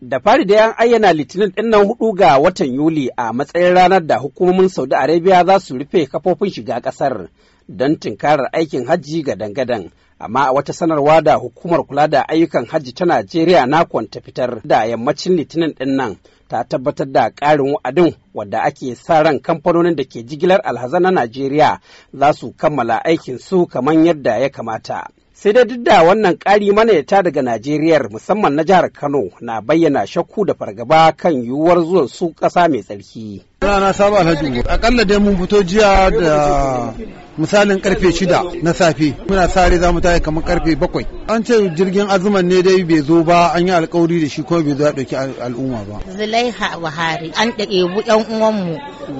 Da fari da an ayyana Litinin ɗin nan hudu ga watan Yuli a matsayin ranar da hukumomin Saudi Arabia za su rufe kafofin shiga ƙasar don tinkarar aikin hajji ga dangadan amma a wata sanarwa da hukumar kula da ayyukan hajji ta najeriya na kwanta fitar da yammacin litinin din nan ta tabbatar da ƙarin wa'adin wadda ake sa ran kamfanonin da ke jigilar alhaza na najeriya za su kammala aikin su kamar yadda ya kamata sai dai duk da wannan ƙari manayata daga Najeriya musamman na jihar kano na bayyana shakku da fargaba kan yiwuwar zuwan su ƙasa mai tsarki rana saba Alhaji umar Akalla dai mun fito jiya da misalin karfe shida na safe muna sare za mu tashi kamar karfe bakwai an ce jirgin azuman ne dai bai zo ba an yi alkawari da shi ko bai zo ya ɗauki al'umma ba zulaiha buhari an bu yan uwanmu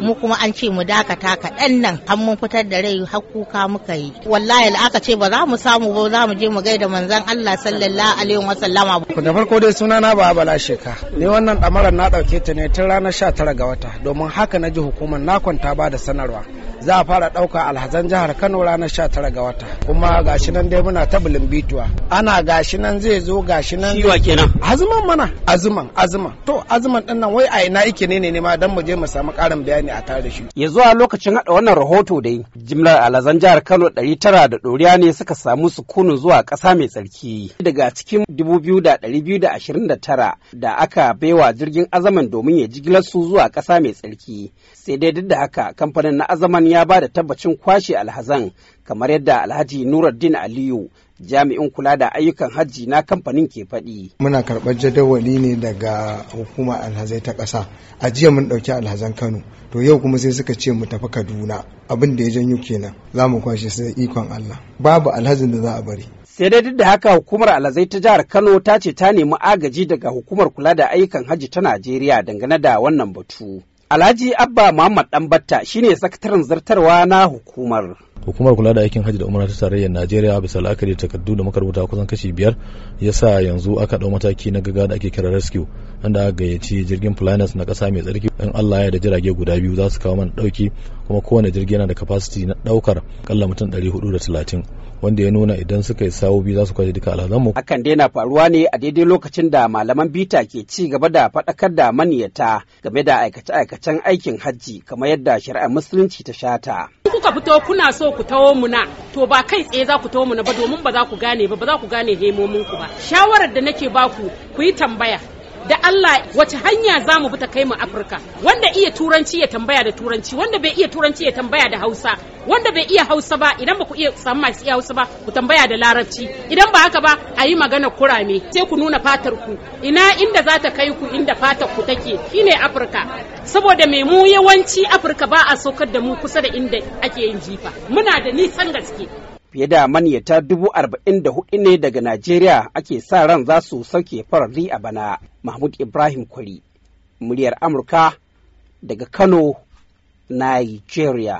mu kuma an ce mu dakata kaɗan nan an mun fitar da rai har kuka muka yi wallahi la aka ce ba za mu samu ba za mu je mu gaida manzon Allah sallallahu alaihi wa sallama da farko dai sunana ba bala sheka ni wannan damarar na ɗauke ta ne tun ranar tara ga wata domin haka na ji hukumar nakon ta ba da sanarwa za a fara ɗauka alhazan jihar kano ranar 19 ga wata kuma gashi nan dai muna ta bituwa ana gashi nan zai zo gashi nan shiwa kenan azuman mana azuman azuman to azuman din nan wai a ina yake ne ne ma dan mu je mu samu ƙarin bayani a tare da shi ya zuwa lokacin hada wannan rahoto dai jimlar alhazan jihar kano 900 da ɗoriya ne suka samu sukunin zuwa ƙasa mai tsarki daga cikin 2229 da aka baiwa jirgin azaman domin ya jigilar su zuwa ƙasa mai tsarki aiki sai dai duk da haka kamfanin na azaman ya ba da tabbacin kwashe alhazan kamar yadda alhaji nuruddin aliyu jami'in kula da ayyukan hajji na kamfanin ke faɗi. muna karɓar jadawali ne daga hukumar alhazai ta ƙasa a jiya mun ɗauki alhazan kano to yau kuma sai suka ce mu tafi kaduna abin da ya janyo kenan za mu kwashe sai ikon allah babu alhazin da za a bari sai dai duk da haka hukumar alhazai ta jihar kano ta ce ta nemi agaji daga hukumar kula da ayyukan hajji ta najeriya dangane da wannan batu Alhaji Abba Muhammad Ɗanbatta shine sakataren zartarwa na hukumar. hukumar kula da aikin hajji da umara ta tarayyar najeriya bisa la'akari da takardu da makarubuta kusan kashi biyar ya sa yanzu aka ɗau mataki na gaga da ake kira rescue inda aka gayyaci jirgin planes na ƙasa mai tsarki in allah ya da jirage guda biyu za su kawo mana ɗauki kuma kowane jirgi yana da capacity na ɗaukar kalla mutum ɗari hudu da talatin wanda ya nuna idan suka yi sawo biyu za su kwashe duka alhazanmu. hakan dai na faruwa ne a daidai lokacin da malaman bita ke ci gaba da faɗakar da maniyata game da aikace-aikacen aikin hajji kamar yadda shari'ar musulunci ta shata. kuka fito kuna so ku tawo muna to ba kai tsaye za ku tawo muna ba domin ba za ku gane ba ba za ku gane hemomin ku ba shawarar da nake baku ku yi tambaya da Allah wace hanya za mu bi ta kai mu Afirka wanda iya turanci ya tambaya da turanci wanda bai iya turanci ya tambaya da Hausa wanda bai iya Hausa ba idan ba ku iya samu masu iya Hausa ba ku tambaya da Larabci idan ba haka ba a yi magana kurame sai ku nuna fatar ku ina inda za ta kai ku inda fatar ku take shine Afirka saboda mai mu yawanci Afirka ba a saukar da mu kusa da inda ake yin jifa muna da nisan gaske fiye da manyata dubu arba'in da hudu ne daga Najeriya ake sa ran za su sauke farari a bana. Mahmud Ibrahim Kwari, muryar Amurka daga Kano, Nigeria.